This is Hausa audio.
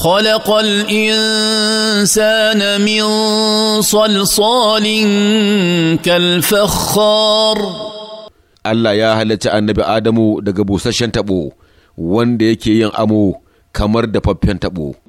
خلق الانسان من صلصال كالفخار Allah ya halitta annabi Adamu daga busashen taɓo wanda yake yin amo kamar dafaffen taɓo.